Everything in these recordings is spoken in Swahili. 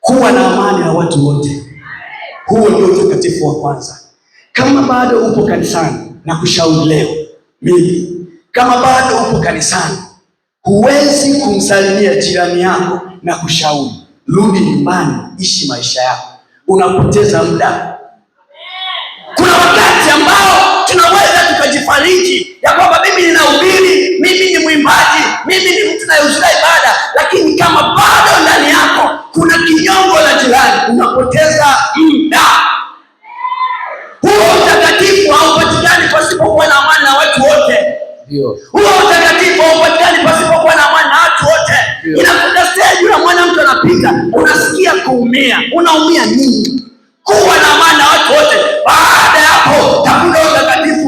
kuwa na amani na watu wote. Huo ndio utakatifu wa kwanza. Kama bado upo kanisani, na kushauri leo mimi, kama bado upo kanisani, huwezi kumsalimia jirani yako na kushauri, rudi nyumbani, ishi maisha yako, unapoteza muda. Kuna wakati ambao tunaweza tukajifariji ya kwamba mimi ninahubiri wote. Huo utakatifu haupatikani pasipokuwa na amani na watu wote. Inakutesea jula unamwona mtu anapita, unasikia kuumia, unaumia nini? Kuwa na amani na watu wote. Baada ya hapo utakuja utakatifu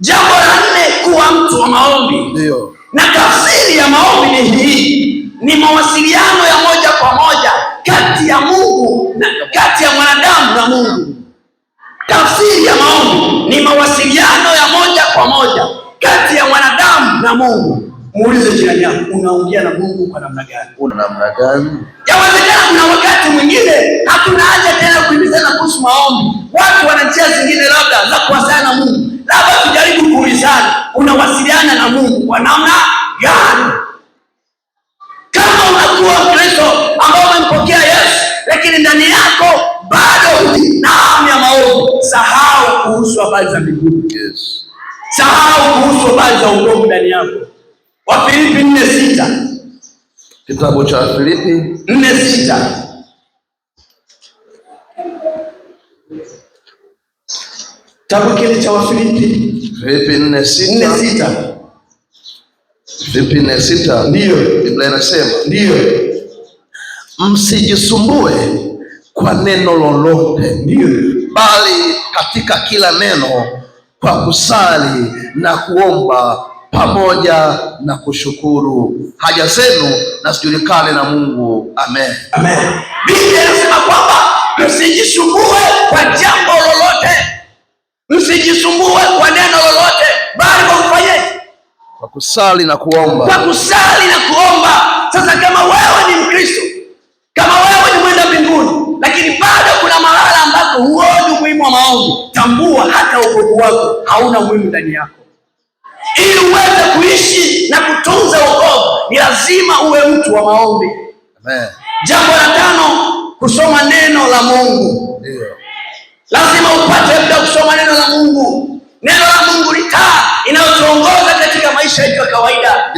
Jambo la nne, kuwa mtu wa maombi. Ndio. Na tafsiri ya maombi ni hii, ni mawasiliano ya moja kwa moja kati ya Mungu na kati ya mwanadamu na Mungu. Tafsiri ya maombi ni mawasiliano ya moja kwa moja kati ya mwanadamu na Mungu. Muulize jirani yako, unaongea na Mungu kwa namna gani? Kwa namna gani? Yawezekana kuna wakati mwingine hatuna haja tena kuhimizana kuhusu maombi. Watu wana njia zingine labda za kuwasiliana na Mungu, labda misali, unawasiliana na Mungu kwa namna gani? Kama unakuwa Mkristo ambao umempokea Yesu, lakini ndani yako bado na hamu ya maovu, sahau kuhusu habari za mbinguni. Yes. Sahau kuhusu habari za uongo ndani yako. Wafilipi nne sita kitabu cha Wafilipi 4:6. sita kitabu kile cha Wafilipi Filipi nne sita Filipi nne sita Biblia inasema ndiyo, msijisumbue kwa neno lolote, ndiyo, bali katika kila neno kwa kusali na kuomba pamoja na kushukuru haja zenu na zijulikane na Mungu. Amen, amen. Biblia inasema kwamba msijisumbue kwa jambo lolote, msijisumbue kusali na kuomba, kwa kusali na kuomba. Sasa kama wewe ni Mkristo, kama wewe ni mwenda mbinguni, lakini bado kuna mahala ambapo huoni umuhimu wa maombi, tambua hata wokovu wako hauna umuhimu ndani yako. Ili uweze kuishi na kutunza wokovu, ni lazima uwe mtu wa maombi. Amen. Jambo la tano, kusoma neno la Mungu.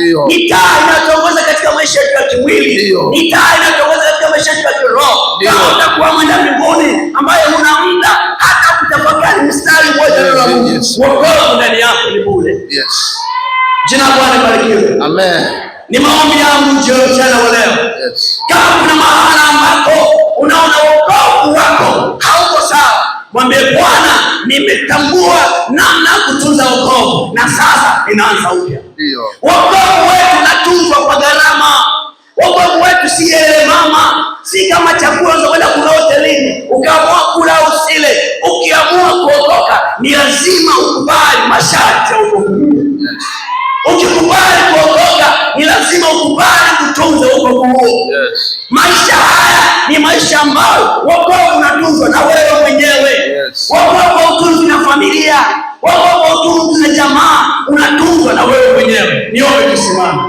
ni taa inayotuongoza katika maisha yetu ya kimwili, ni taa inayotuongoza katika maisha yetu ya kiroho. Kama utakuwa mwenda mbinguni ambaye huna muda hata kutafakari mstari mmoja neno la Mungu, wokovu ndani yako ni bure. Jina Bwana barikiwe, amen. Ni maombi yangu jioni mchana wa leo, kama kuna mahala ambako unaona wokovu wako hauko sawa, mwambie Bwana, nimetambua namna kutunza wokovu na sasa inaanza upya. Ndio. Wokovu Si kama chakula unazokwenda kula hotelini ukiamua kula usile. Ukiamua kuokoka ni lazima ukubali masharti ya ukombozi. Ukikubali kuokoka ni lazima ukubali kutunza ukombozi. Maisha haya ni maisha ambayo wokovu unatunzwa na wewe mwenyewe. Yes. Wokovu utunzwi na familia, wokovu utunzwi na jamaa, unatunzwa na wewe mwenyewe. Niombe tusimame.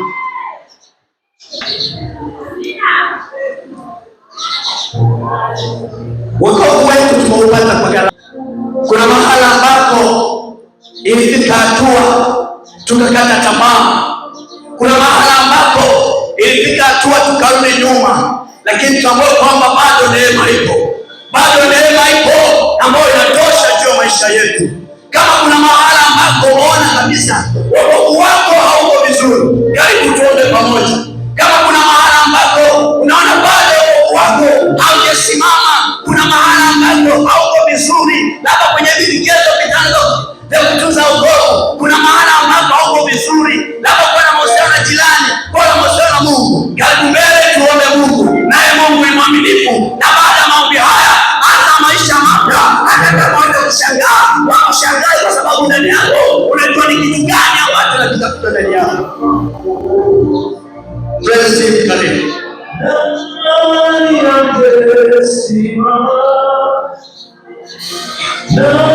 Wokovu wetu tumeupata kwa gharama. Kuna mahala ambako ilifika hatua tukakata tamaa, kuna mahala ambapo ilifika hatua tukarudi nyuma, lakini tutambue kwamba bado neema ipo, bado neema ipo ambayo inatosha juu ya maisha yetu. Kama kuna mahala ambako unaona kabisa wokovu wako hauko vizuri, karibu tuombe pamoja. ya kutunza ukoo. Kuna mahala ambapo hauko vizuri, labda kuwa na mahusiano na jirani, kuwa na mahusiano na Mungu. Karibu mbele tuombe Mungu, naye Mungu ni mwaminifu, na baada ya maombi haya hata maisha mapya, hata kama watu wakushangaa, wakushangaa kwa sababu ndani yako unajua ni kitu gani ambacho nakitafuta ndani yako. No.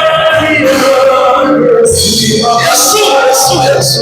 Jesus.